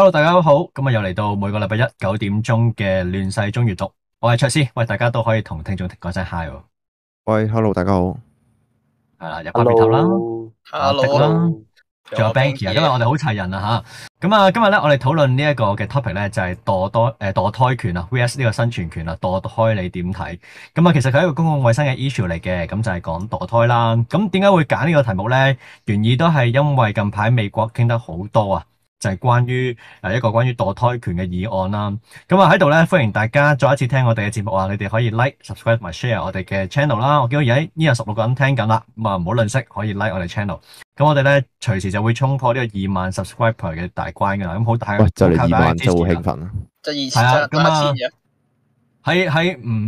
Hello，大家好，咁啊又嚟到每個禮拜一九點鐘嘅亂世中閱讀，我係卓師，喂，大家都可以同聽眾講聲嗨 i 喂，Hello，大家好，係啦，入白鼻頭啦，Hello 啦，仲有 Banky 啊，今日我哋好齊人啊吓，咁啊今日咧我哋討論呢一個嘅 topic 咧就係、是、墮多誒墮、呃、胎權啊 VS 呢個生存權墮啊，墮胎你點睇？咁啊其實佢係一個公共衛生嘅 issue 嚟嘅，咁就係講墮胎啦。咁點解會揀呢個題目咧？原意都係因為近排美國傾得好多啊。就係關於誒一個關於墮胎權嘅議案啦，咁啊喺度咧歡迎大家再一次聽我哋嘅節目啊，你哋可以 like, 可以 like 閱、subscribe 埋 share 我哋嘅 channel 啦，我見到而家呢有十六個人聽緊啦，咁啊唔好吝嗇，可以 like 我哋 channel，咁我哋咧隨時就會衝破呢個二萬 subscriber 嘅大關噶啦，咁好大，喂就嚟二萬就好興奮啦，即係二千，係啊，咁啊。喺喺唔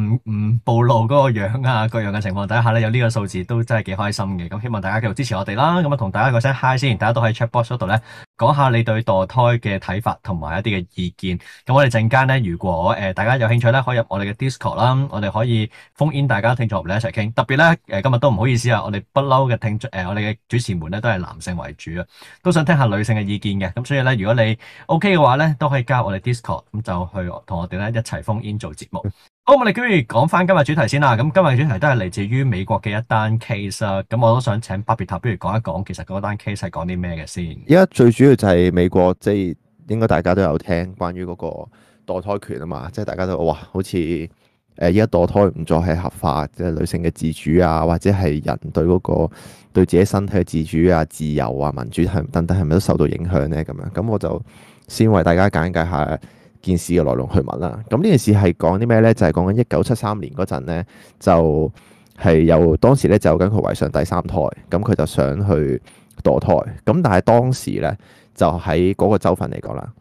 唔唔暴露嗰個樣啊，各樣嘅情況底下咧，有呢個數字都真係幾開心嘅。咁希望大家繼續支持我哋啦。咁啊，同大家個聲 hi 先。大家都喺 chat box 度咧，講下你對墮胎嘅睇法同埋一啲嘅意見。咁我哋陣間咧，如果誒、呃、大家有興趣咧，可以入我哋嘅 Discord 啦，我哋可以 phone in 大家聽眾嚟一齊傾。特別咧，誒、呃、今日都唔好意思啊，我哋不嬲嘅聽眾誒、呃、我哋嘅主持們咧都係男性為主啊，都想聽下女性嘅意見嘅。咁所以咧，如果你 OK 嘅話咧，都可以加我哋 Discord，咁就去同我哋咧一齊封。先做節目，好，我哋跟如講翻今日主題先啦。咁今日主題都係嚟自於美國嘅一單 case 啦。咁我都想請巴別塔，不如講一講，其實嗰單 case 係講啲咩嘅先。依家最主要就係美國，即係應該大家都有聽關於嗰個墮胎權啊嘛。即係大家都哇，好似誒，依家墮胎唔再係合法，即係女性嘅自主啊，或者係人對嗰個對自己身體嘅自主啊、自由啊、民主係等等，係咪都受到影響咧？咁樣咁，我就先為大家簡介下件事嘅來龍去脈啦。咁呢件事係講啲咩呢？就係講緊一九七三年嗰陣咧，就係、是、有當時咧就緊佢懷上第三胎，咁佢就想去墮胎。咁但係當時呢，就喺嗰個州份嚟講啦，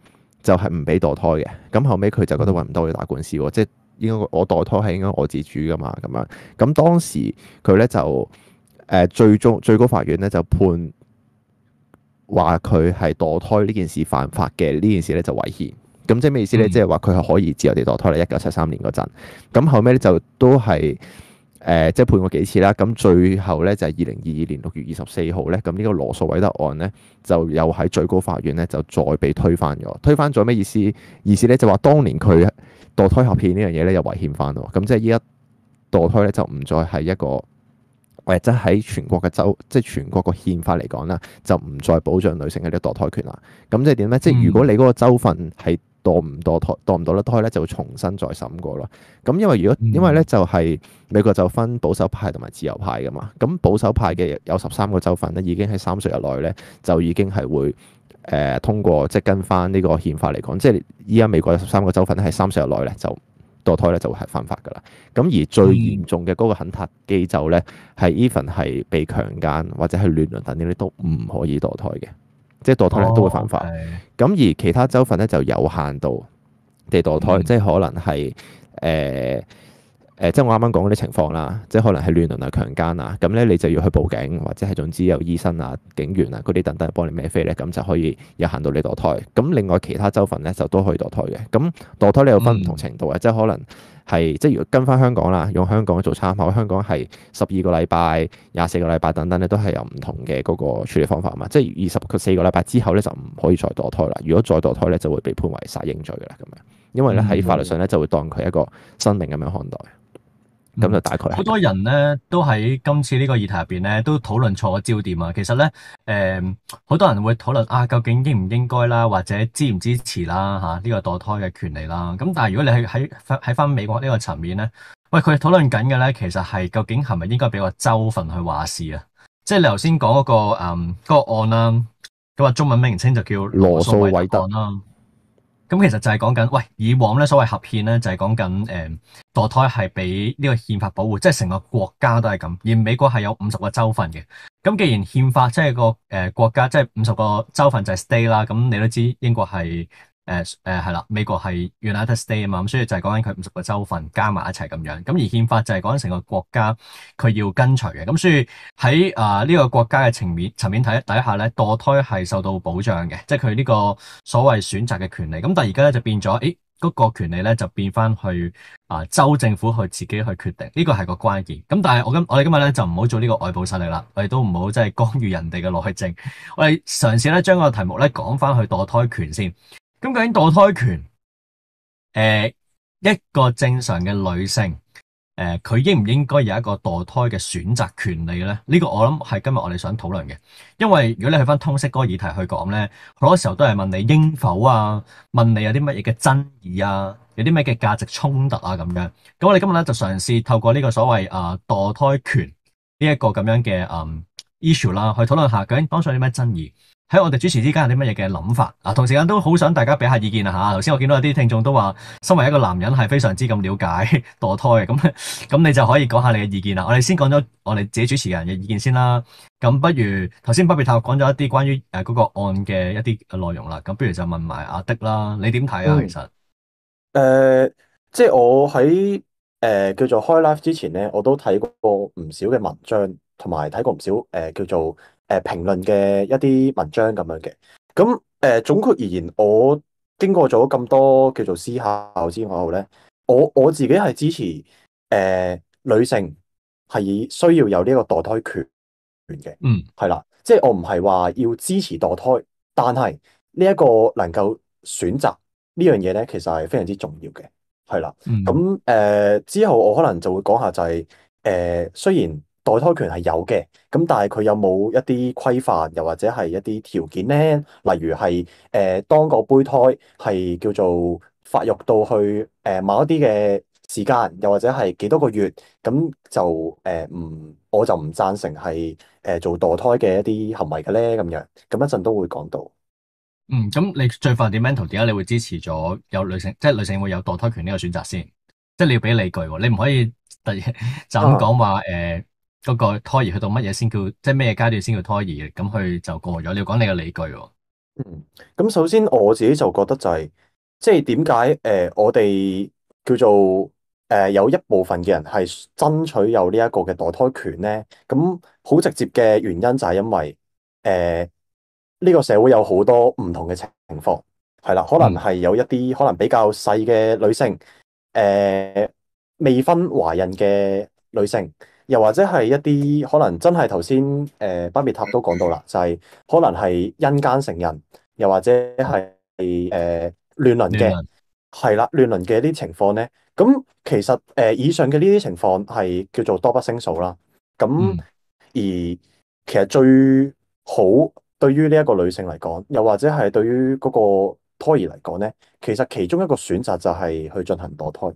就係唔俾墮胎嘅。咁後尾佢就覺得揾唔到去打官司，即係應該我墮胎係應該我自己主噶嘛咁樣。咁當時佢呢，就、呃、誒最終最高法院呢，就判話佢係墮胎呢件事犯法嘅，呢件事呢，就違憲。咁即係咩意思咧？即係話佢係可以自由地墮胎。咧一九七三年嗰陣，咁後尾咧就都係誒，即、呃、係、就是、判過幾次啦。咁最後咧就係二零二二年六月二十四號咧，咁呢個羅素偉德案咧就又喺最高法院咧就再被推翻咗。推翻咗咩意思？意思咧就話、是、當年佢墮胎合憲呢樣嘢咧又違憲翻咯。咁即係依家墮胎咧就唔再係一個，即係喺全國嘅州，即、就、係、是、全國個憲法嚟講啦，就唔再保障女性嘅啲墮胎權啦。咁、嗯、即係點咧？即係如果你嗰個州份係墮唔墮胎？墮唔墮得胎咧就會重新再審過咯。咁因為如果因為咧就係美國就分保守派同埋自由派噶嘛。咁保守派嘅有十三個州份咧，已經喺三十日內咧，就已經係會誒、呃、通過，即係跟翻呢個憲法嚟講。即係依家美國有十三個州份咧，喺三十日內咧就墮胎咧就會係犯法噶啦。咁而最嚴重嘅嗰個肯塔基州咧，係 even 係被強姦或者係亂倫等呢啲都唔可以墮胎嘅。即係墮胎都會犯法，咁、oh, okay. 而其他州份咧就有限度地墮胎，mm hmm. 即係可能係誒誒，即係我啱啱講嗰啲情況啦，即係可能係亂倫啊、強姦啊，咁咧你就要去報警或者係總之有醫生啊、警員啊嗰啲等等幫你孭飛咧，咁就可以有限度你墮胎。咁另外其他州份咧就都可以墮胎嘅，咁墮胎你又分唔同程度呀，mm hmm. 即係可能。係即係如果跟翻香港啦，用香港做參考，香港係十二個禮拜、廿四個禮拜等等咧，都係有唔同嘅嗰個處理方法啊嘛。即係二十個四個禮拜之後咧，就唔可以再墮胎啦。如果再墮胎咧，就會被判為殺嬰罪㗎啦咁樣，因為咧喺法律上咧、嗯嗯、就會當佢一個生命咁樣看待。咁就大概係咁樣。好多人呢都喺今次呢個議題入面呢都討論錯咗焦點啊！其實呢，誒、呃，好多人會討論啊，究竟應唔應該啦，或者支唔支持啦，嚇、啊、呢、這個墮胎嘅權利啦。咁但係如果你喺喺喺返美國呢個層面呢，喂，佢討論緊嘅咧，其實係究竟係咪應該俾個州份去話事啊？即係你頭先講嗰個誒、呃那個、案啦，咁、那、啊、個、中文名稱就叫羅素·韋德案啦。咁其實就係講緊，喂，以往咧所謂合憲咧就係講緊呃、墮胎係俾呢個憲法保護，即係成個國家都係咁。而美國係有五十個州份嘅，咁既然憲法即係個、呃、國家，即係五十個州份就係 state 啦，咁你都知英國係。誒誒，係啦、呃呃，美國係 United State 啊嘛，咁所以就係講緊佢五十個州份加埋一齊咁樣，咁而憲法就係講緊成個國家佢要跟隨嘅，咁所以喺啊呢個國家嘅層面層面睇底下咧，墮胎係受到保障嘅，即係佢呢個所謂選擇嘅權利。咁但係而家咧就變咗，誒、欸、嗰、那個權利咧就變翻去啊、呃、州政府去自己去決定，呢個係個關鍵。咁但係我今我哋今日咧就唔好做呢個外部勢力啦，我哋都唔好即係干預人哋嘅內政，我哋嘗試咧將個題目咧講翻去墮胎權先。咁究竟墮胎權？誒、呃，一個正常嘅女性，誒、呃，佢應唔應該有一個墮胎嘅選擇權利咧？呢、呢個我諗係今日我哋想討論嘅。因為如果你去翻通識嗰個議題去講咧，好多時候都係問你應否啊，問你有啲乜嘢嘅爭議啊，有啲咩嘅價值衝突啊咁樣。咁我哋今日咧就嘗試透過呢個所謂啊墮、呃、胎權呢一個咁樣嘅啊、嗯、issue 啦，去討論下究竟當上有啲咩爭議。喺我哋主持之間有啲乜嘢嘅諗法嗱、啊，同時間都好想大家俾下意見啦吓。頭、啊、先我見到有啲聽眾都話，身為一個男人係非常之咁了解 墮胎嘅，咁咁你就可以講下你嘅意見啦。我哋先講咗我哋自己主持人嘅意見先啦。咁不如頭先不滅塔講咗一啲關於誒嗰個案嘅一啲內容啦。咁不如就問埋阿的啦，你點睇啊？嗯、其實誒，即係我喺誒叫做開 live 之前咧，我都睇過唔少嘅文章，同埋睇過唔少誒、呃、叫做。誒，評論嘅一啲文章咁樣嘅，咁誒、呃，總括而言，我經過咗咁多叫做思考之後咧，我我自己係支持誒、呃，女性係需要有呢個墮胎權嘅。嗯，係啦，即係我唔係話要支持墮胎，但係呢一個能夠選擇呢樣嘢咧，其實係非常之重要嘅。係啦，咁誒、嗯呃、之後我可能就會講下就係、是，誒、呃、雖然墮胎權係有嘅。咁但係佢有冇一啲規範，又或者係一啲條件咧？例如係誒、呃，當個胚胎係叫做發育到去誒、呃、某一啲嘅時間，又或者係幾多個月，咁就誒唔、呃，我就唔贊成係誒、呃、做墮胎嘅一啲行為嘅咧。咁樣，咁一陣都會講到。嗯，咁你最 fundamental 點解你會支持咗有女性，即係女性會有墮胎權呢個選擇先？即係你要俾理據，你唔可以突然就咁講話誒。啊。嗰個胎兒去到乜嘢先叫，即係咩階段先叫胎兒嘅？咁佢就過咗。你要講你嘅理據喎、哦。嗯，咁首先我自己就覺得就係、是，即係點解誒我哋叫做誒、呃、有一部分嘅人係爭取有呢一個嘅墮胎權咧？咁好直接嘅原因就係因為誒呢、呃這個社會有好多唔同嘅情況，係啦，可能係有一啲、嗯、可能比較細嘅女性，誒、呃、未婚懷孕嘅女性。又或者係一啲可能真係頭先，誒、呃，巴別塔都講到啦，就係、是、可能係因姦成人，又或者係誒亂倫嘅，係、呃、啦，亂倫嘅一啲情況咧。咁其實誒、呃，以上嘅呢啲情況係叫做多不勝數啦。咁、嗯、而其實最好對於呢一個女性嚟講，又或者係對於嗰個胎兒嚟講咧，其實其中一個選擇就係去進行墮胎。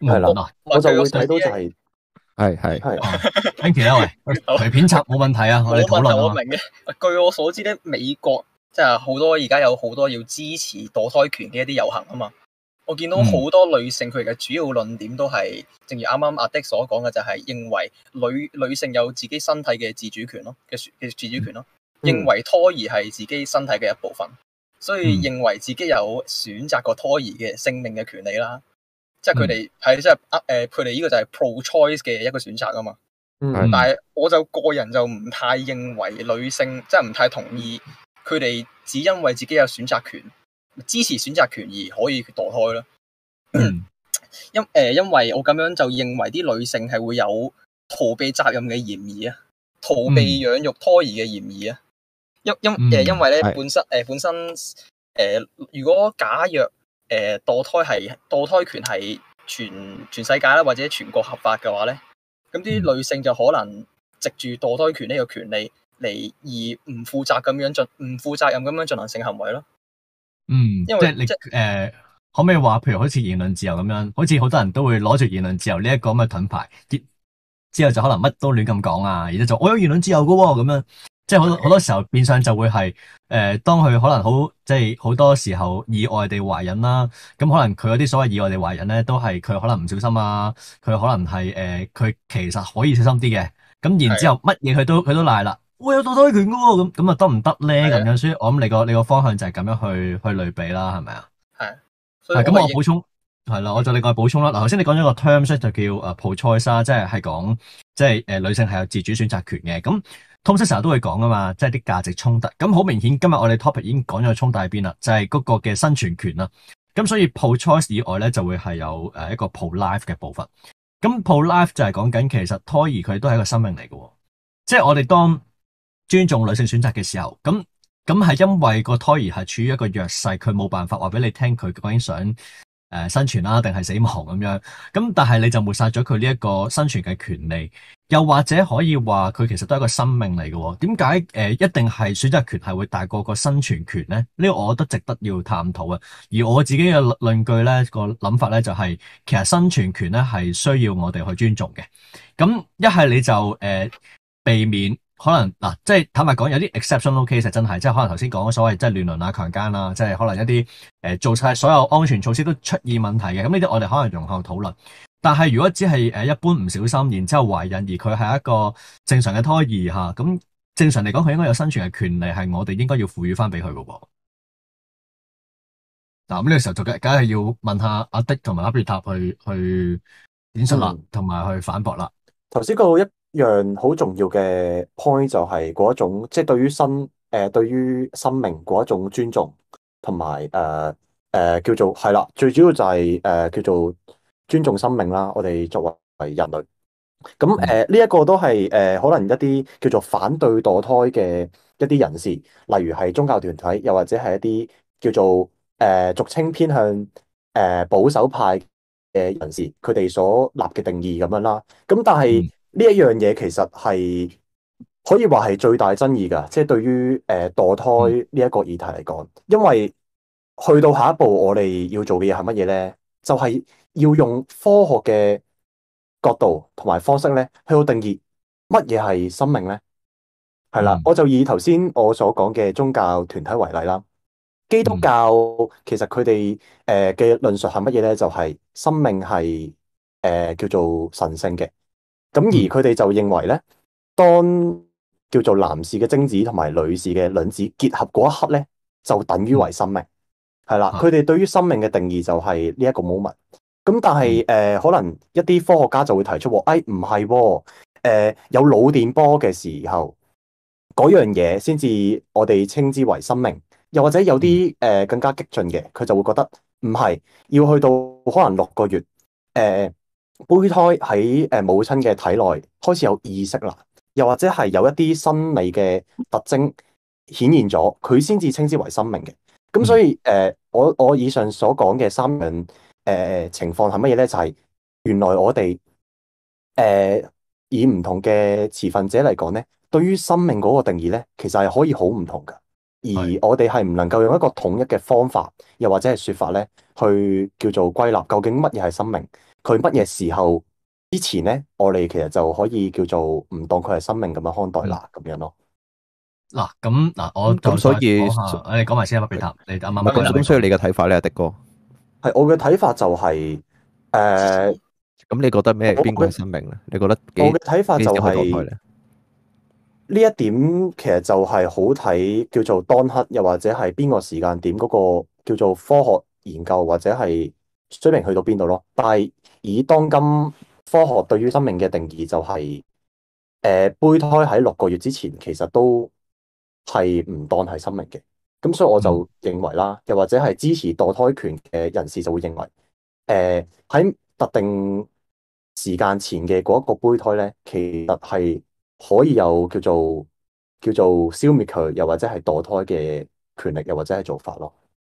係啦，我就會睇到就係、是。係係係 t i k 啦，喂，隨便插冇問題啊，我哋討論啊。 據我所知咧，美國即係好多而家有好多要支持墮胎權嘅一啲遊行啊嘛。我見到好多女性，佢嘅主要論點都係，嗯、正如啱啱阿迪所講嘅，就係認為女女性有自己身體嘅自主權咯，嘅嘅自主權咯，認為胎兒係自己身體嘅一部分，所以認為自己有選擇過胎兒嘅性命嘅權利啦。即係佢哋係即係啊誒，佢哋呢個就係 pro-choice 嘅一個選擇啊嘛。嗯。但係我就個人就唔太認為女性即係唔太同意佢哋只因為自己有選擇權、支持選擇權而可以墮胎啦。因誒、嗯、 因為我咁樣就認為啲女性係會有逃避責任嘅嫌疑啊，逃避養育胎兒嘅嫌疑啊。因因誒、嗯嗯呃、因為咧本身誒本身誒如果假若誒，墮胎係墮胎權係全全世界啦，或者全國合法嘅話咧，咁啲女性就可能藉住墮胎權呢個權利嚟而唔負責咁樣進唔負責任咁樣進行性行為咯。嗯，因為即係你誒，呃，可唔可以話，譬如好似言論自由咁樣，好似好多人都會攞住言論自由呢一個咁嘅盾牌，之之後就可能乜都亂咁講啊，而就我有言論自由噶咁樣。即係好多好多時候變相就會係誒、呃，當佢可能好即係好多時候意外地懷孕啦，咁可能佢嗰啲所謂意外地懷孕咧，都係佢可能唔小心啊，佢可能係誒，佢、呃、其實可以小心啲嘅，咁然之後乜嘢佢都佢都賴啦，我的有墮胎權噶，咁咁啊得唔得咧咁樣？的所以我諗你個你個方向就係咁樣去去類比啦，係咪啊？係。咁我補、嗯、充係啦、嗯，我就另外補充啦。嗱，頭先你講咗個 term 就叫誒 pro-choice 即係係講即係誒女性係有自主選擇權嘅咁。通識成日都會講噶嘛，即係啲價值衝突。咁好明顯，今日我哋 topic 已經講咗個衝突喺邊啦，就係嗰個嘅生存權啦。咁所以 pro choice 以外咧，就會係有誒一個 pro life 嘅部分。咁 pro life 就係講緊其實胎兒佢都係一個生命嚟嘅，即係我哋當尊重女性選擇嘅時候，咁咁係因為個胎兒係處於一個弱勢，佢冇辦法話俾你聽佢究竟想誒生存啦，定係死亡咁樣。咁但係你就抹殺咗佢呢一個生存嘅權利。又或者可以話佢其實都係一個生命嚟嘅，點解誒一定係選擇權係會大過個生存權咧？呢、這個我覺得值得要探討嘅。而我自己嘅論據咧，那個諗法咧就係、是，其實生存權咧係需要我哋去尊重嘅。咁一係你就誒、呃、避免可能嗱、啊，即係坦白講，有啲 exceptional case 真係，即係可能頭先講嘅所謂即係亂倫啊、強姦啦、啊，即係可能一啲誒、呃、做晒所有安全措施都出現問題嘅。咁呢啲我哋可能容後討論。但係如果只係誒一般唔小心，然之後懷孕，而佢係一個正常嘅胎兒嚇，咁正常嚟講，佢應該有生存嘅權利，係我哋應該要賦予翻俾佢嘅噃。嗱咁呢個時候就梗梗係要問下阿迪同埋阿比塔去去點出啦，同埋、嗯、去反駁啦。頭先講到一樣好重要嘅 point 就係嗰一種，即、就、係、是、對於生誒對於生命嗰一種尊重，同埋誒誒叫做係啦，最主要就係、是、誒、呃、叫做。尊重生命啦，我哋作為人類，咁誒呢一個都係誒可能一啲叫做反對墮胎嘅一啲人士，例如係宗教團體，又或者係一啲叫做誒俗稱偏向誒保守派誒人士，佢哋所立嘅定義咁樣啦。咁但係呢一樣嘢其實係可以話係最大爭議噶，即係對於誒墮胎呢一個議題嚟講，因為去到下一步我哋要做嘅嘢係乜嘢咧？就係。要用科學嘅角度同埋方式咧，去到定義乜嘢係生命咧？係啦，嗯、我就以頭先我所講嘅宗教團體為例啦。基督教其實佢哋誒嘅論述係乜嘢咧？就係、是、生命係誒、呃、叫做神聖嘅。咁而佢哋就認為咧，當叫做男士嘅精子同埋女士嘅卵子結合嗰一刻咧，就等於為生命。係啦，佢哋、嗯、對於生命嘅定義就係呢一個 moment。咁但係誒、呃，可能一啲科學家就會提出，誒唔係，誒、哦呃、有腦電波嘅時候，嗰樣嘢先至我哋稱之為生命。又或者有啲誒、呃、更加激進嘅，佢就會覺得唔係，要去到可能六個月，誒、呃、胚胎喺誒、呃、母親嘅體內開始有意識啦，又或者係有一啲生理嘅特徵顯現咗，佢先至稱之為生命嘅。咁所以誒、呃，我我以上所講嘅三樣。誒、呃，情況係乜嘢咧？就係、是、原來我哋誒、呃，以唔同嘅持份者嚟講咧，對於生命嗰個定義咧，其實係可以好唔同噶。而我哋係唔能夠用一個統一嘅方法，又或者係說法咧，去叫做歸納究竟乜嘢係生命？佢乜嘢時候之前咧，我哋其實就可以叫做唔當佢係生命咁樣看待啦，咁、嗯、樣咯。嗱，咁嗱，我咁所以我哋講埋先一筆筆答。你啱啱你嘅睇法咧，阿迪哥。係我嘅睇法就係、是、誒，咁、呃、你覺得咩係邊個生命咧？你覺得我嘅睇法就係、是、呢一點，其實就係好睇叫做當刻，又或者係邊個時間點嗰個叫做科學研究或者係水平去到邊度咯。但係以當今科學對於生命嘅定義、就是，就係誒，胚胎喺六個月之前其實都係唔當係生命嘅。咁所以我就認為啦，又或者係支持墮胎權嘅人士就會認為，誒、呃、喺特定時間前嘅嗰一個胚胎咧，其實係可以有叫做叫做消滅佢，又或者係墮胎嘅權力，又或者係做法咯。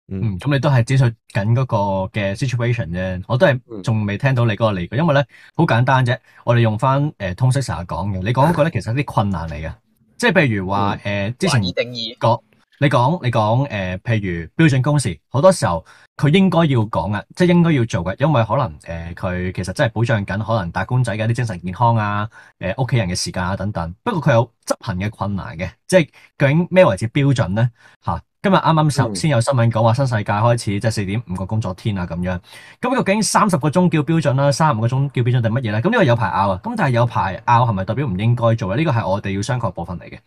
嗯，咁你都係指出緊嗰個嘅 situation 啫，我都係仲未聽到你嗰個理據，因為咧好簡單啫，我哋用翻誒、呃、通識成日講嘅，你講嗰個咧其實有啲困難嚟嘅，即係譬如話誒、嗯、之前個定。你講你講誒，譬如標準工時，好多時候佢應該要講嘅，即係應該要做嘅，因為可能誒佢、呃、其實真係保障緊可能打工仔嘅啲精神健康啊、誒屋企人嘅時間啊等等。不過佢有執行嘅困難嘅，即係究竟咩為之標準咧？嚇、啊，今日啱啱先有新聞講話新世界開始即係四點五個工作天啊咁樣。咁究竟三十個鐘叫標準啦、啊，三十五個鐘叫標準定乜嘢咧？咁、嗯、呢、這個有排拗啊。咁但係有排拗係咪代表唔應該做咧？呢、這個係我哋要商榷部分嚟嘅。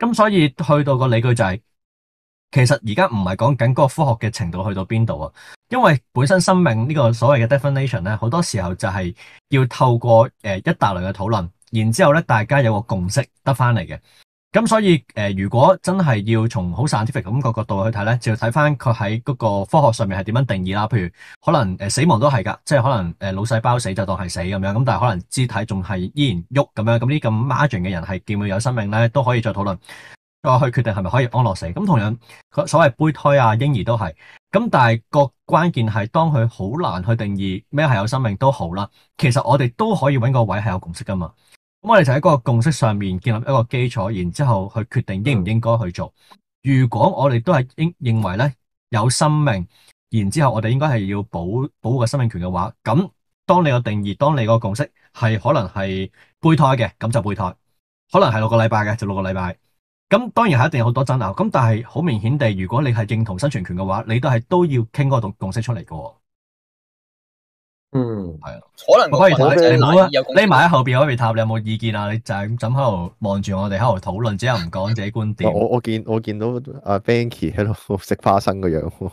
咁所以去到個理據就係、是。其實而家唔係講緊嗰個科學嘅程度去到邊度啊，因為本身生命呢個所謂嘅 definition 咧，好多時候就係要透過誒、呃、一大類嘅討論，然之後咧大家有個共識得翻嚟嘅。咁所以誒、呃，如果真係要從好 scientific 咁個角度去睇咧，就要睇翻佢喺嗰個科學上面係點樣定義啦。譬如可能誒死亡都係噶，即係可能誒腦細胞死就當係死咁樣，咁但係可能肢體仲係依然喐咁樣，咁呢咁 margin 嘅人係見會有生命咧，都可以再討論。再、啊、去決定係咪可以安樂死咁，同樣所謂胚胎啊、嬰兒都係咁，但係個關鍵係當佢好難去定義咩係有生命都好啦。其實我哋都可以揾個位係有共識㗎嘛。咁我哋就喺嗰個共識上面建立一個基礎，然之後去決定應唔應該去做。如果我哋都係應認為呢有生命，然之後我哋應該係要保保護個生命權嘅話，咁當你個定義、當你個共識係可能係胚胎嘅，咁就胚胎；可能係六個禮拜嘅，就六個禮拜。咁當然係一定有好多爭拗，咁但係好明顯地，如果你係認同生存權嘅話，你都係都要傾嗰個共共識出嚟嘅喎。嗯，係啊的，可能不如睇你唔匿埋喺後邊嗰邊塔，你有冇意見啊？你就係咁枕喺度望住我哋喺度討論，只係唔講自己觀點。嗯、我我見我見到阿 Banky 喺度食花生嘅樣喎。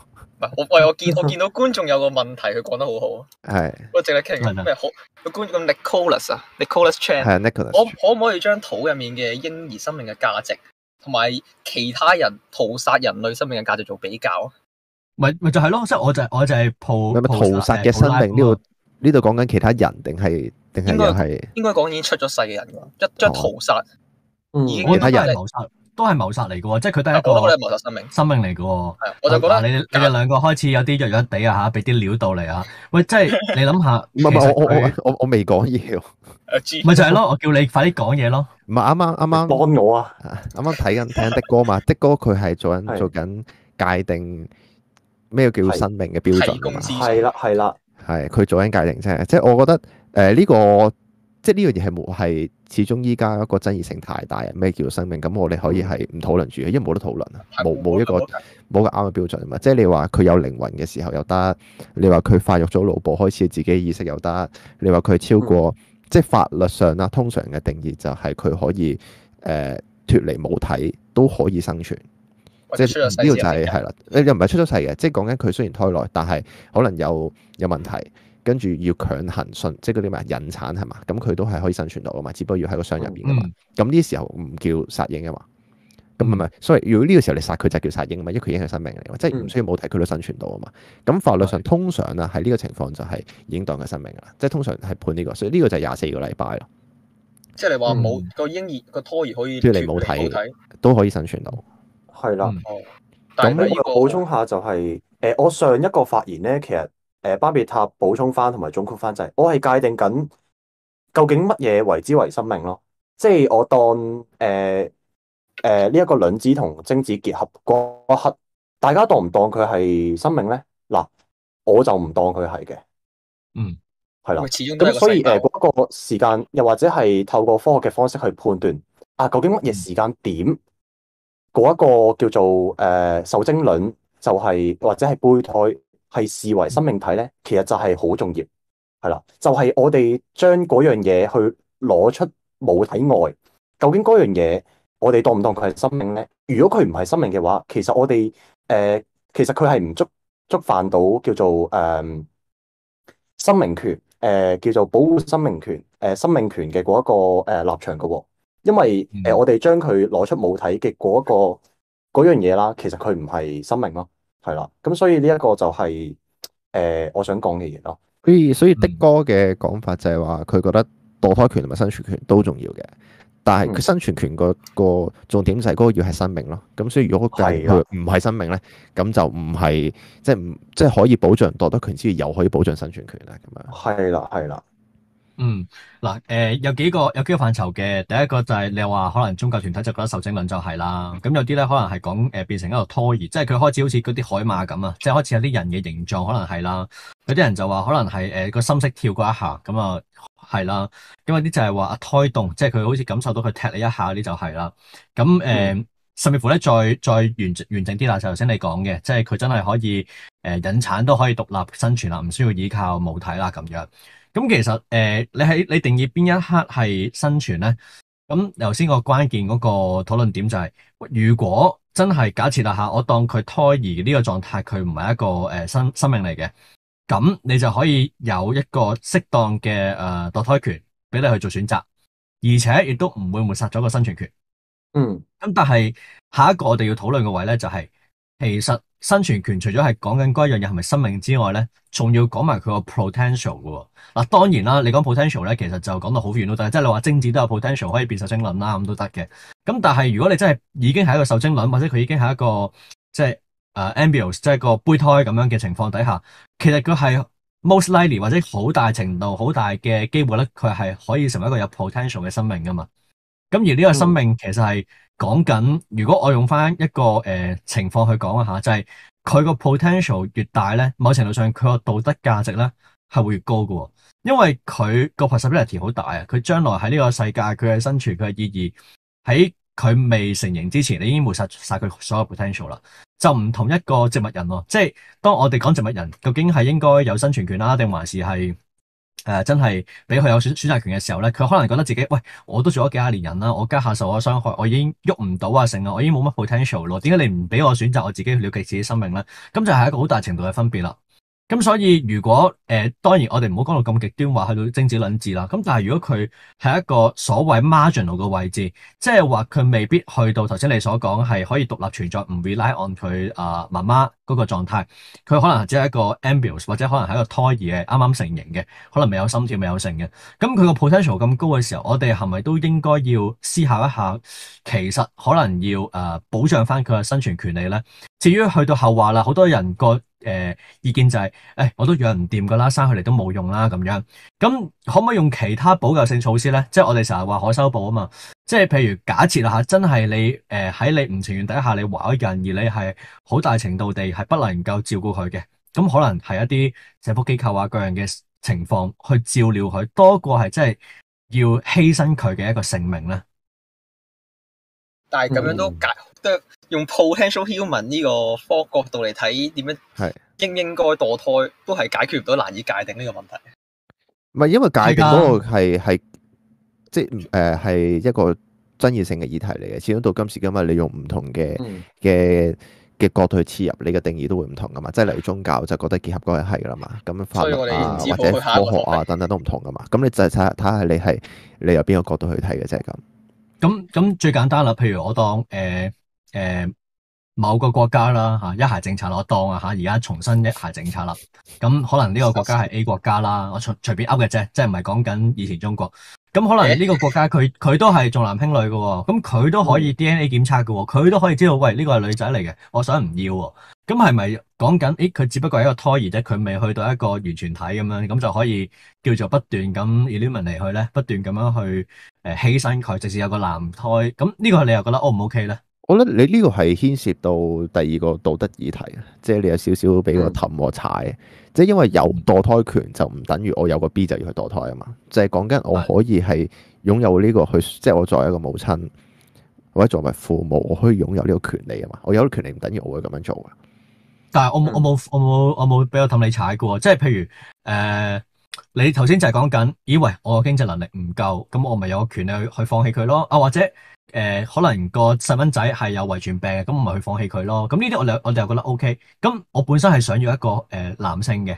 我喂我見我見到觀眾有個問題，佢講得好好 的啊。係。我正喺傾緊咩？好，個觀眾 Nicholas 啊，Nicholas Chan c h 我可唔可以將肚入面嘅嬰兒生命嘅價值？同埋其他人屠殺人類生命嘅價值做比較啊，咪咪就係咯，即係我就係、是、我就係屠屠殺嘅生命，呢度呢度講緊其他人定係定係應該係應該講已經出咗世嘅人噶，將將屠殺其他人。都係謀殺嚟嘅，即係佢得一個，都係謀殺生命生命嚟嘅。係，我就覺得你你哋兩個開始有啲弱弱地啊吓，俾啲料到嚟吓。喂，即係你諗下，唔係唔係，我我我我未講嘢，咪 就係咯，我叫你快啲講嘢咯。唔係啱啱啱啱幫我啊！啱啱睇緊聽的哥嘛， 的哥佢係做緊做緊界定咩叫生命嘅標準噶嘛，係啦係啦，係佢做緊界定啫，即係我覺得誒呢、呃這個。即係呢樣嘢係冇係，始終依家一個爭議性太大啊！咩叫做生命？咁我哋可以係唔討論住，因為冇得討論啊！冇冇一個冇個啱嘅標準啊嘛！即係你話佢有靈魂嘅時候又得，嗯、你話佢發育咗腦部開始自己意識又得，你話佢超過、嗯、即係法律上啦，通常嘅定義就係佢可以誒、呃、脫離母體都可以生存。或者即係呢個就係係啦，又唔係出咗世嘅，即係講緊佢雖然胎內，但係可能有有問題。跟住要強行順，即係嗰啲咩引產係嘛？咁佢都係可以生存到噶嘛？只不過要喺個箱入面噶嘛。咁呢啲時候唔叫殺嬰嘅嘛？咁唔係，所以如果呢個時候你殺佢，就係、是、叫殺嬰嘛？因為佢係生命嚟㗎，即係唔需要冇睇佢都生存到啊嘛。咁法律上通常啦，喺呢個情況就係已經當佢生命㗎啦。即係通常係判呢、這個，所以呢個就係廿四個禮拜啦。嗯、即係你話冇個嬰兒個胎兒可以，即係你冇睇，都可以生存到，係啦的。咁、嗯這個、我補充下就係、是，誒、呃，我上一個發言咧，其實。誒、呃、巴別塔補充翻同埋總括翻就係，我係界定緊究竟乜嘢為之為生命咯？即係我當誒誒呢一個卵子同精子結合嗰刻，大家當唔當佢係生命咧？嗱，我就唔當佢係嘅。嗯，係啦的。咁所以誒嗰、呃那個時間，又或者係透過科學嘅方式去判斷啊，究竟乜嘢時間點嗰一、嗯、個叫做誒、呃、受精卵就係、是、或者係胚胎？係視為生命體咧，其實就係好重要，係啦，就係、是、我哋將嗰樣嘢去攞出母體外，究竟嗰樣嘢我哋當唔當佢係生命咧？如果佢唔係生命嘅話，其實我哋誒、呃，其實佢係唔觸觸犯到叫做誒、呃、生命權，誒、呃、叫做保護生命權，誒、呃、生命權嘅嗰一個誒、呃、立場噶、哦，因為誒、嗯呃、我哋將佢攞出母體嘅嗰一個嗰樣嘢啦，其實佢唔係生命咯、啊。係啦，咁所以呢一個就係、是、誒、呃、我想講嘅嘢咯。所以的哥嘅講法就係話，佢覺得墮胎權同埋生存權都重要嘅，但係佢生存權，嗰個重點就係嗰個要係生命咯。咁所以如果佢唔係生命咧，咁的就唔係即係即係可以保障墮胎權之餘，又可以保障生存權啦。咁樣係啦，係啦。嗯，嗱，誒，有幾個有幾個範疇嘅。第一個就係你話可能宗教團體就覺得受精卵就係啦。咁有啲咧可能係講誒變成一個胎兒，即係佢開始好似嗰啲海馬咁啊，即係開始有啲人嘅形狀可能係啦。有啲人就話可能係誒個心識跳過一下，咁啊係啦。咁有啲就係話胎動，即係佢好似感受到佢踢你一下啲就係啦。咁誒，呃嗯、甚至乎咧再再完整完整啲，就頭先你講嘅，即係佢真係可以誒、呃、引產都可以獨立生存啦，唔需要依靠母體啦，咁樣。咁其實誒、呃，你喺你定義邊一刻係生存咧？咁頭先個關鍵嗰個討論點就係、是，如果真係假設啦吓，我當佢胎兒呢個狀態佢唔係一個誒生、呃、生命嚟嘅，咁你就可以有一個適當嘅誒墮胎權俾你去做選擇，而且亦都唔會抹殺咗個生存權。嗯。咁但係下一個我哋要討論嘅位咧就係、是。其實生存權除咗係講緊嗰一樣嘢係咪生命之外咧，仲要講埋佢個 potential 嘅。嗱、啊，當然啦，你講 potential 咧，其實就講到好遠都得。即係你話精子都有 potential 可以變受精卵啦，咁都得嘅。咁但係如果你真係已經係一個受精卵，或者佢已經係一個即係誒 embryo，即係個胚胎咁樣嘅情況底下，其實佢係 most likely 或者好大程度、好大嘅機會咧，佢係可以成為一個有 potential 嘅生命噶嘛。咁而呢個生命其實係。嗯講緊，如果我用翻一個誒、呃、情況去講一下，就係、是、佢個 potential 越大咧，某程度上佢個道德價值咧係會越高嘅，因為佢個 possibility 好大啊！佢將來喺呢個世界佢嘅生存佢嘅意義，喺佢未成型之前，你已經抹殺曬佢所有 potential 啦。就唔同一個植物人喎，即係當我哋講植物人，究竟係應該有生存權啦，定還是係？誒、呃，真係畀佢有選選擇權嘅時候咧，佢可能覺得自己，喂，我都做咗幾廿年人啦，我家下受咗傷害，我已經喐唔到啊，成啊，我已經冇乜 potential 咯，點解你唔畀我選擇我自己去了結自己生命咧？咁就係一個好大程度嘅分別啦。咁所以如果誒、呃、當然我哋唔好講到咁極端話，話去到精子卵子啦。咁但係如果佢係一個所謂 marginal 嘅位置，即係話佢未必去到頭先你所講係可以獨立存在，唔 rely on 佢啊、呃、媽媽嗰個狀態。佢可能只係一個 embryo 或者可能係一個胎兒嘅，啱啱成型嘅，可能未有心跳，未有性嘅。咁佢個 potential 咁高嘅時候，我哋係咪都應該要思考一下，其實可能要啊、呃、保障翻佢嘅生存權利咧？至於去到後話啦，好多人個。誒、呃，意見就係、是，誒，我都養唔掂噶啦，生佢嚟都冇用啦，咁樣，咁可唔可以用其他補救性措施咧？即係我哋成日話可修補啊嘛，即係譬如假設啊吓，真係你誒喺、呃、你唔情願底下你懷咗孕，而你係好大程度地係不能夠照顧佢嘅，咁可能係一啲社福機構啊各樣嘅情況去照料佢，多過係真係要犧牲佢嘅一個性命咧。但係咁樣都解用 potential human 呢個科角度嚟睇，點樣應應該墮胎都係解決唔到難以界定呢個問題。唔係，因為界定嗰個係係即係誒，係、呃、一個爭議性嘅議題嚟嘅。始終到今時今日，你用唔同嘅嘅嘅角度去切入，你嘅定義都會唔同噶嘛。即係例如宗教就覺得結合嗰個係噶啦嘛，咁法律啊或者科學啊等等都唔同噶嘛。咁你就睇睇下你係你由邊個角度去睇嘅，啫。係咁。咁咁最簡單啦，譬如我當誒。欸誒，某個國家啦吓，一孩政策攞當啊吓，而家重新一孩政策啦。咁可能呢個國家係 A 國家啦，我隨隨便噏嘅啫，即係唔係講緊以前中國咁。可能呢個國家佢佢都係重男輕女嘅，咁佢都可以 D N A 檢測嘅，佢都可以知道喂呢、這個係女仔嚟嘅，我想唔要。啊。咁係咪講緊？誒，佢只不過係一個胎兒啫，佢未去到一個完全體咁樣，咁就可以叫做不斷咁 eliminate 嚟去咧，不斷咁樣去誒、呃，犧牲佢，直至有個男胎咁，呢個，你又覺得 O 唔 O K 咧？我覺得你呢個係牽涉到第二個道德議題，即係你有少少俾個氹我踩，嗯、即係因為有墮胎權就唔等於我有個 B 就要去墮胎啊嘛，就係講緊我可以係擁有呢個去，嗯、即係我作為一個母親或者作為父母，我可以擁有呢個權利啊嘛，我有啲權利唔等於我會咁樣做嘅。但係我冇我冇我冇我冇俾我氹你踩嘅，即係譬如誒、呃，你頭先就係講緊，以為我嘅經濟能力唔夠，咁我咪有個權利去放棄佢咯，啊或者。誒，可能個細蚊仔係有遺傳病，咁我咪去放棄佢咯。咁呢啲我哋我哋又覺得 OK。咁我本身係想要一個誒男性嘅，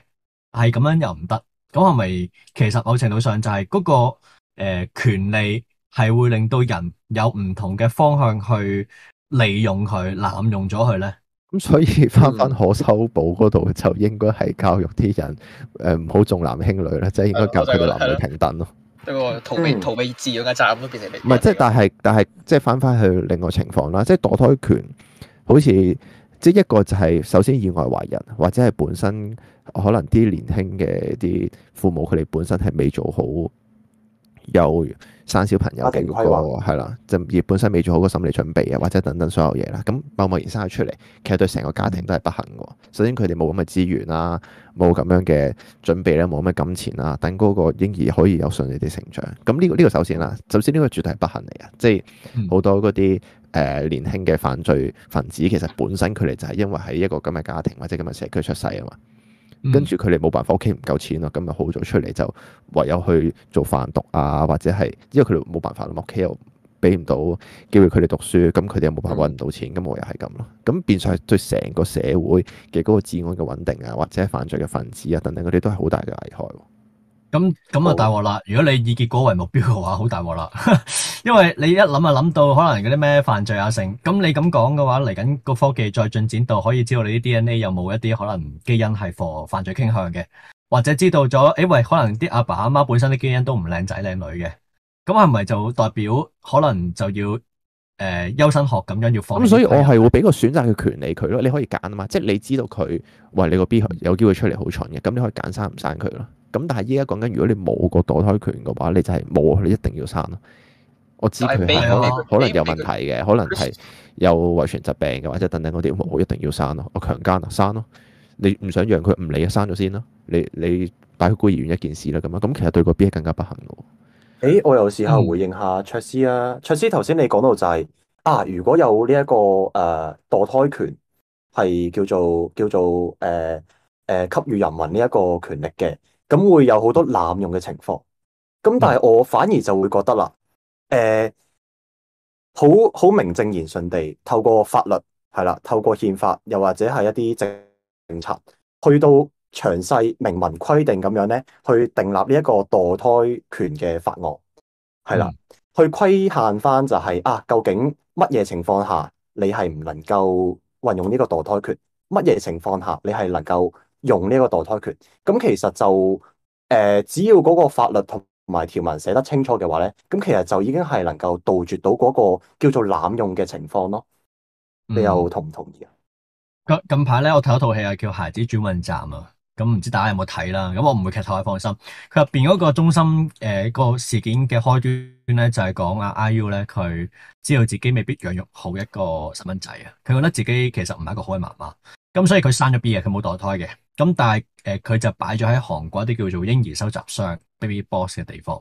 係咁樣又唔得。咁係咪其實某程度上就係嗰個誒權利係會令到人有唔同嘅方向去利用佢、濫用咗佢咧？咁所以翻翻可修補嗰度就應該係教育啲人誒，唔好重男輕女啦，即係應該教佢哋男女平等咯。嗯逃避、嗯、逃避自養嘅責任都變成你，唔係即係，但係但係即係翻返去另外情況啦。即係墮胎權，好似即係一個就係首先意外懷孕，或者係本身可能啲年輕嘅啲父母佢哋本身係未做好有。生小朋友幾個喎，係啦、啊，就而本身未做好個心理準備啊，或者等等所有嘢啦，咁貿貿然生咗出嚟，其實對成個家庭都係不幸嘅。首先佢哋冇咁嘅資源啦，冇咁樣嘅準備啦，冇咩金錢啦，等嗰個嬰兒可以有順利地成長。咁呢、呢個呢、呢個首先啦，首先呢個絕對不幸嚟啊，即係好多嗰啲誒年輕嘅犯罪分子，其實本身佢哋就係因為喺一個咁嘅家庭或者咁嘅社區出世啊嘛。跟住佢哋冇辦法，屋企唔夠錢咯，咁咪好早出嚟就唯有去做販毒啊，或者係因為佢哋冇辦法啦，屋企又俾唔到，叫佢佢哋讀書，咁佢哋又冇辦法揾唔到錢，咁我又係咁咯，咁變相對成個社會嘅嗰個治安嘅穩定啊，或者犯罪嘅分子啊等等佢哋都係好大嘅危害啊。咁咁啊，大鑊啦！如果你以結果為目標嘅話，好大鑊啦。 因為你一諗啊，諗到可能嗰啲咩犯罪啊，成咁你咁講嘅話，嚟緊個科技再進展到可以知道你啲 DNA 有冇一啲可能基因係禍犯罪傾向嘅，或者知道咗誒、欸、喂，可能啲阿爸阿媽本身啲基因都唔靚仔靚女嘅，咁係咪就代表可能就要誒優生學咁樣要放棄？咁所以我係會俾個選擇嘅權利佢咯，你可以揀啊嘛，即係你知道佢喂你個 B 有有機會出嚟好蠢嘅，咁你可以揀生唔生佢咯。咁但係依家講緊，如果你冇個墮胎權嘅話，你就係冇，你一定要生咯、啊。我知佢係可能可能有問題嘅，可能係有遺傳疾病嘅或者等等嗰啲，我一定要生咯、啊。我強姦啊，生咯、啊。你唔想讓佢唔理刪啊，生咗先咯。你你擺去孤兒院一件事啦，咁樣，咁其實對個 B 更加不幸嘅。誒、欸，我又試下回應下卓斯啊，嗯、卓斯頭先你講到就係、是、啊，如果有呢、這、一個誒、呃、墮胎權係叫做叫做誒誒、呃呃、給予人民呢一個權力嘅。咁會有好多濫用嘅情況，咁但係我反而就會覺得啦，誒、呃，好好名正言順地透過法律，係啦，透過憲法又或者係一啲政政策，去到詳細明文規定咁樣咧，去訂立呢一個墮胎權嘅法案，係啦，嗯、去規限返就係、是、啊，究竟乜嘢情況下你係唔能夠運用呢個墮胎權，乜嘢情況下你係能夠用呢一個墮胎權，咁其實就誒，只要嗰個法律同埋條文寫得清楚嘅話咧，咁其實就已經係能夠杜絕到嗰個叫做濫用嘅情況咯。嗯、你又同唔同意啊？近排咧，我睇一套戲係叫《孩子轉運站》啊，咁唔知大家有冇睇啦？咁我唔會劇透，你放心。佢入邊嗰個中心誒、呃嗰個事件嘅開端咧，就係講阿 IU 咧，佢知道自己未必養育好一個細蚊仔啊，佢覺得自己其實唔係一個好嘅媽媽。咁、嗯、所以佢生咗 B 嘅，佢冇墮胎嘅。咁但係，誒、呃、佢就擺咗喺韓國一啲叫做嬰兒收集箱 （baby b o s s 嘅地方。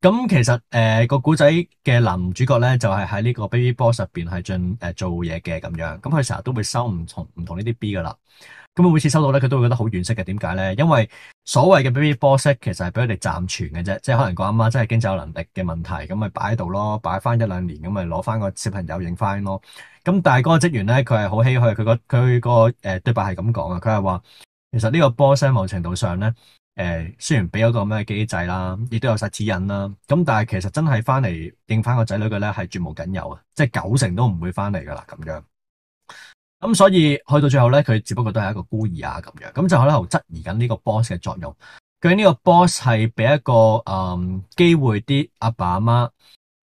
咁、嗯、其實，誒個古仔嘅男主角咧，就係喺呢個 baby b o s s 入邊係進誒做嘢嘅咁樣。咁佢成日都會收唔同唔同呢啲 B 噶啦。咁、嗯、佢每次收到咧，佢都會覺得好惋惜嘅。點解咧？因為所謂嘅 baby b o s s 其實係俾佢哋暫存嘅啫，即係可能個阿媽真係經濟能力嘅問題，咁咪擺喺度咯，擺翻一兩年，咁咪攞翻個小朋友影翻咯。咁但係嗰個職員咧，佢係好唏噓，佢、個佢、個誒、呃、對白係咁講啊，佢係話，其實呢個 boss 某程度上咧，誒、呃、雖然俾咗個咩機制啦，亦都有晒指引啦，咁但係其實真係翻嚟認翻個仔女嘅咧係絕無僅有啊，即、就、係、是、九成都唔會翻嚟噶啦咁樣。咁、嗯、所以去到最後咧，佢只不過都係一個孤兒啊咁樣，咁就喺度質疑緊呢個 boss 嘅作用。究竟呢個 boss 係俾一個誒機、嗯、會啲阿爸阿媽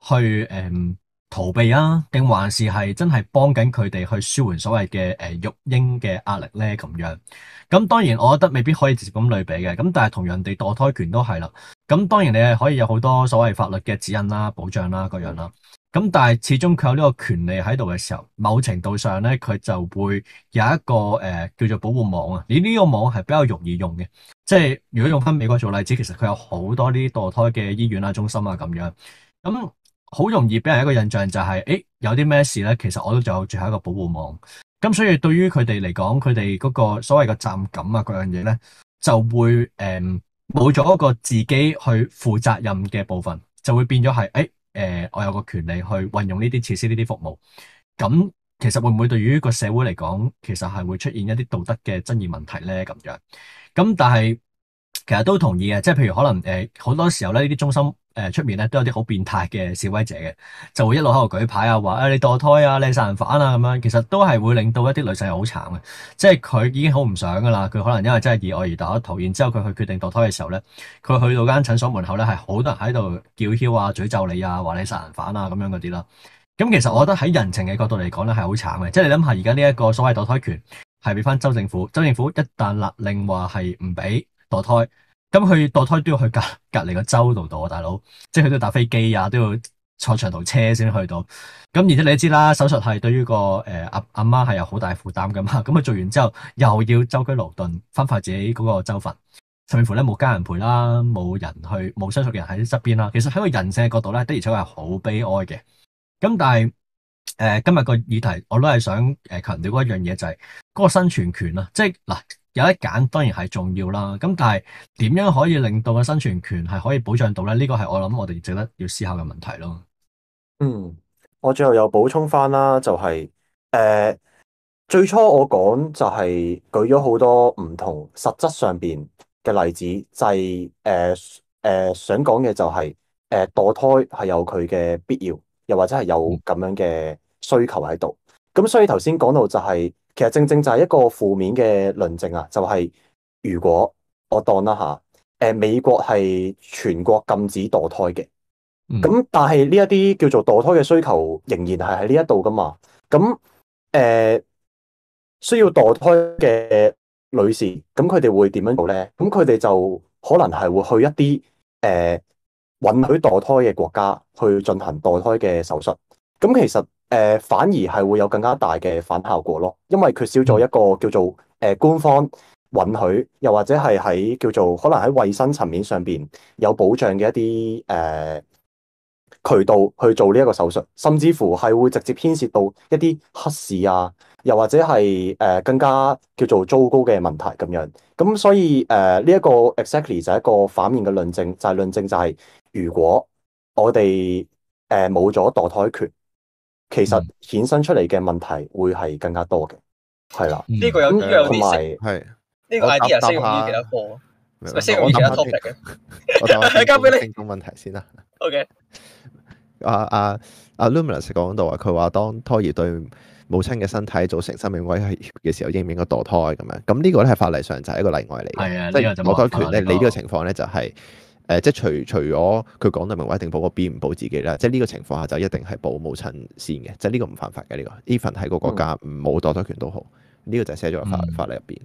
去誒？嗯逃避啊，定還是係真係幫緊佢哋去舒緩所謂嘅誒、呃、育嬰嘅壓力呢？咁樣咁當然，我覺得未必可以直接咁類比嘅。咁但係同人哋墮胎權都係啦。咁當然你係可以有好多所謂法律嘅指引啦、啊、保障啦、啊、各樣啦。咁但係始終佢有呢個權利喺度嘅時候，某程度上呢，佢就會有一個誒、呃、叫做保護網啊。你、這、呢個網係比較容易用嘅，即係如果用翻美國做例子，其實佢有好多呢啲墮胎嘅醫院啊、中心啊咁樣咁。好容易俾人一個印象就係，誒，有啲咩事呢？其實我都仲有最後一個保護網。咁所以對於佢哋嚟講，佢哋嗰個所謂嘅責任感啊嗰樣嘢呢，就會誒冇咗一個自己去負責任嘅部分，就會變咗係誒我有個權利去運用呢啲設施、呢啲服務。咁其實會唔會對於個社會嚟講，其實係會出現一啲道德嘅爭議問題呢？咁樣。咁但係其實都同意嘅，即係譬如可能誒好多時候呢啲中心。誒，出、呃、面咧都有啲好變態嘅示威者嘅，就會一路喺度舉牌啊，話誒、啊、你墮胎啊，你殺人犯啊咁樣，其實都係會令到一啲女仔又好慘嘅，即係佢已經好唔想噶啦，佢可能因為真係意外而墮咗胎，然之後佢去決定墮胎嘅時候咧，佢去到間診所門口咧係好多人喺度叫囂啊、詛咒你啊、話你殺人犯啊咁樣嗰啲啦，咁其實我覺得喺人情嘅角度嚟講咧係好慘嘅，即係你諗下而家呢一個所謂墮胎權係俾翻州政府，州政府一旦勒令話係唔俾墮胎。咁佢墮胎都要去隔隔離個州度度啊，大佬！即係佢都要搭飛機啊，都要坐長途車先去到。咁而且你都知啦，手術係對於個誒阿阿媽係有好大負擔嘅嘛。咁佢做完之後，又要舟車勞頓，返返自己嗰個州份，甚至乎咧冇家人陪啦，冇人去，冇相熟嘅人喺側邊啦。其實喺個人性嘅角度咧，的而且確係好悲哀嘅。咁但係誒、呃、今日個議題，我都係想誒強調一樣嘢就係、是、嗰、嗰個生存權啊！即係嗱。有得揀當然係重要啦，咁但係點樣可以令到個生存權係可以保障到咧？呢個係我諗我哋值得要思考嘅問題咯。嗯，我最後又補充翻啦，就係、是、誒、呃、最初我講就係舉咗好多唔同實質上邊嘅例子，就係誒誒想講嘅就係誒墮胎係有佢嘅必要，又或者係有咁樣嘅需求喺度。咁、嗯、所以頭先講到就係、是。其實正正就係一個負面嘅論證啊，就係、是、如果我當啦吓，誒、呃、美國係全國禁止墮胎嘅，咁但係呢一啲叫做墮胎嘅需求仍然係喺呢一度噶嘛，咁誒、呃、需要墮胎嘅女士，咁佢哋會點樣做咧？咁佢哋就可能係會去一啲誒、呃、允許墮胎嘅國家去進行墮胎嘅手術，咁其實。誒、呃、反而係會有更加大嘅反效果咯，因為缺少咗一個叫做誒、呃、官方允許，又或者係喺叫做可能喺衞生層面上邊有保障嘅一啲誒、呃、渠道去做呢一個手術，甚至乎係會直接牽涉到一啲黑市啊，又或者係誒、呃、更加叫做糟糕嘅問題咁樣。咁所以誒呢一個 exactly 就係一個反面嘅論證，就係、是、論證就係、是、如果我哋誒冇咗墮胎權。其實衍生出嚟嘅問題會係更加多嘅，係啦。呢個有啲同埋係呢個 idea 適用於其他科，唔係適用於 project 嘅。我交俾你。問題先啦。O K。阿阿阿 Luminous 講到話，佢話當胎兒對母親嘅身體造成生命威脅嘅時候，應唔應該墮胎咁樣？咁呢個咧係法例上就係一個例外嚟嘅。係啊，呢個就冇咁多權咧。你呢個情況咧就係。誒、呃，即係除除咗佢講到明話，一定保個 B 唔保自己啦。即係呢個情況下就一定係保母親先嘅，即係呢個唔犯法嘅呢、這個。Even 喺個國家冇、嗯、墮胎權都好，呢、這個就寫咗入法、嗯、法例入邊。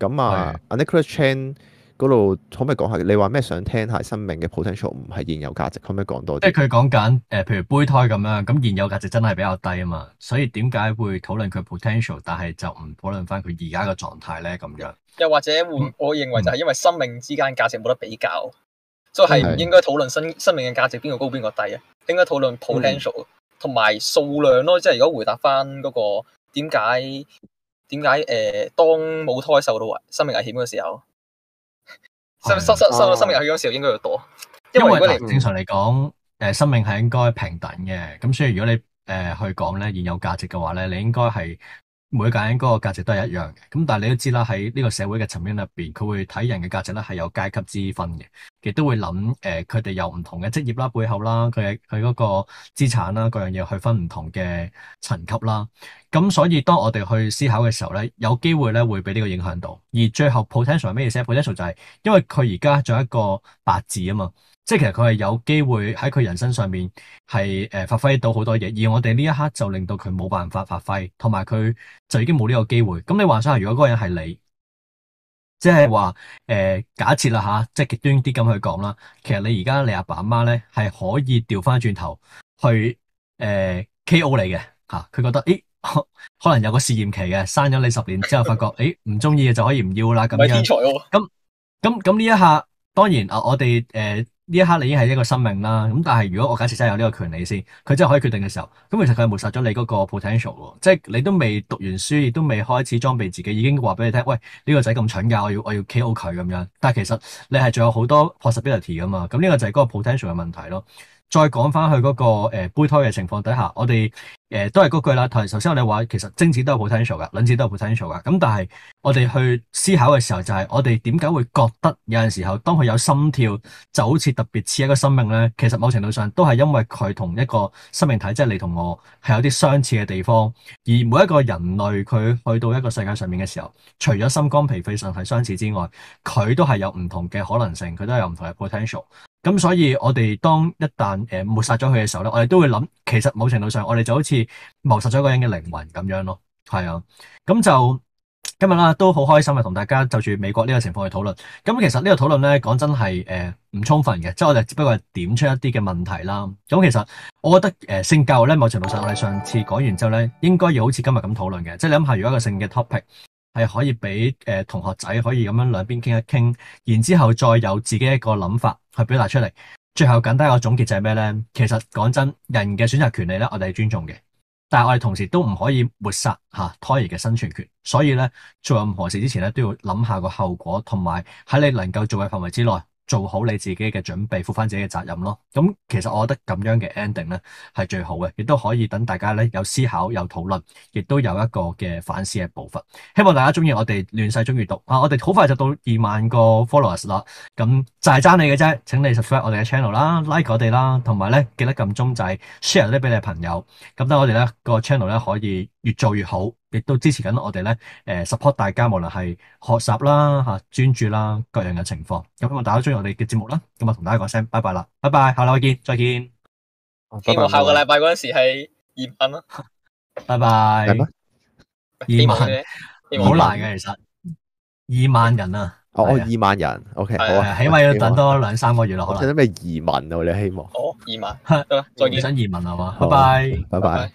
咁啊 Uncle Chan。的嗰度可唔可以講下？你話咩？想聽下生命嘅 potential 唔係現有價值，可唔可以講多啲？即係佢講緊誒，譬如胚胎咁樣咁現有價值真係比較低啊嘛，所以點解會討論佢 potential，但係就唔討論翻佢而家嘅狀態咧？咁樣又或者會、嗯、我認為就係因為生命之間價值冇得比較，嗯、所以係唔應該討論生的生命嘅價值邊個高邊個低啊。應該討論 potential 同埋、嗯、數量咯。即係如果回答翻、那、嗰個點解點解誒，當母胎受到生命危險嘅時候，生生生生命入去嗰時候應該要多，因為，、嗯、因為正常嚟講、呃，生命係應該平等嘅，咁所以如果你、呃、去講咧現有價值嘅話咧，你應該係。每個人嗰個價值都係一樣嘅，但係你都知啦，喺呢個社會嘅層面入面，佢會睇人嘅價值咧係有階級之分嘅，亦都會諗誒，佢、呃、哋有唔同嘅職業啦、背後啦，佢佢嗰個資產啦、各樣嘢去分唔同嘅層級啦，咁所以當我哋去思考嘅時候咧，有機會咧會俾呢個影響到，而最後 potential 係咩意思？potential 就係、是、因為佢而家仲有一個八字啊嘛。即係其實佢係有機會喺佢人生上面係誒發揮到好多嘢，而我哋呢一刻就令到佢冇辦法發揮，同埋佢就已經冇呢個機會。咁你幻想下，如果嗰個人係你，即係話誒假設啦吓，即係極端啲咁去講啦。其實你而家你阿爸阿媽咧係可以調翻轉頭去誒 K.O. 你嘅吓，佢覺得誒可能有個試驗期嘅，生咗你十年之後發覺誒唔中意嘅就可以唔要啦咁樣。咁咁咁呢一下，當然啊，我哋誒。呢一刻你已經係一個生命啦，咁但係如果我假設真係有呢個權利先，佢真係可以決定嘅時候，咁其實佢係抹殺咗你嗰個 potential 即係你都未讀完書，亦都未開始裝備自己，已經話俾你聽，喂，呢個仔咁蠢㗎，我要我要 KO 佢咁樣，但係其實你係仲有好多 possibility 噶嘛，咁呢個就係嗰個 potential 嘅問題咯。再講翻去嗰、那個胚胎嘅情況底下，我哋誒、呃、都係嗰句啦。頭頭先我哋話，其實精子都有 potential 㗎，卵子都有 potential 㗎。咁但係我哋去思考嘅時候，就係、是、我哋點解會覺得有陣時候，當佢有心跳，就好似特別似一個生命呢？其實某程度上都係因為佢同一個生命體，即係你同我係有啲相似嘅地方。而每一個人類佢去到一個世界上面嘅時候，除咗心肝脾肺腎係相似之外，佢都係有唔同嘅可能性，佢都係有唔同嘅 potential。咁所以我哋當一旦誒、呃、抹殺咗佢嘅時候咧，我哋都會諗，其實某程度上我哋就好似謀殺咗一個人嘅靈魂咁樣咯，係啊。咁就今日啦，都好開心啊，同大家就住美國呢個情況去討論。咁其實個討論呢個討論咧，講真係誒唔充分嘅，即係我哋只不過係點出一啲嘅問題啦。咁其實我覺得誒、呃、性教育咧，某程度上我哋上次講完之後咧，應該要好似今日咁討論嘅，即係你諗下如果一個性嘅 topic。係可以俾、呃、同學仔可以咁樣兩邊傾一傾，然之後再有自己一個諗法去表達出嚟。最後簡單一個總結就係咩呢？其實講真，人嘅選擇權利咧，我哋係尊重嘅，但係我哋同時都唔可以抹殺、啊、胎兒嘅生存權。所以呢，做任何事之前咧，都要諗下個後果，同埋喺你能夠做嘅範圍之內。做好你自己嘅準備，負翻自己嘅責任咯。咁其實我覺得咁樣嘅 ending 呢係最好嘅，亦都可以等大家咧有思考、有討論，亦都有一個嘅反思嘅步伐。希望大家中意我哋亂世中閱讀、啊、我哋好快就到二萬個 followers 啦。咁就係、是、爭你嘅啫。請你 subscribe 我哋嘅 channel 啦，like 我哋啦，同埋咧記得撳鐘仔，share 啲俾你嘅朋友。咁等我哋咧個 channel 咧可以。越做越好，亦都支持緊我哋咧，誒 support 大家，無論係學習啦、吓專注啦各樣嘅情況。咁希望大家中意我哋嘅節目啦，咁我同大家講聲拜拜啦，拜拜，下禮拜見，再見。希望下個禮拜嗰陣時係二萬啦，拜拜，二萬，好難嘅其實，二萬人啊，哦二萬人，OK 好啊，起碼要等多兩三個月咯，可能。即係咩移民啊，我哋希望。好，移民。再見新移民啊嘛，拜拜，拜拜。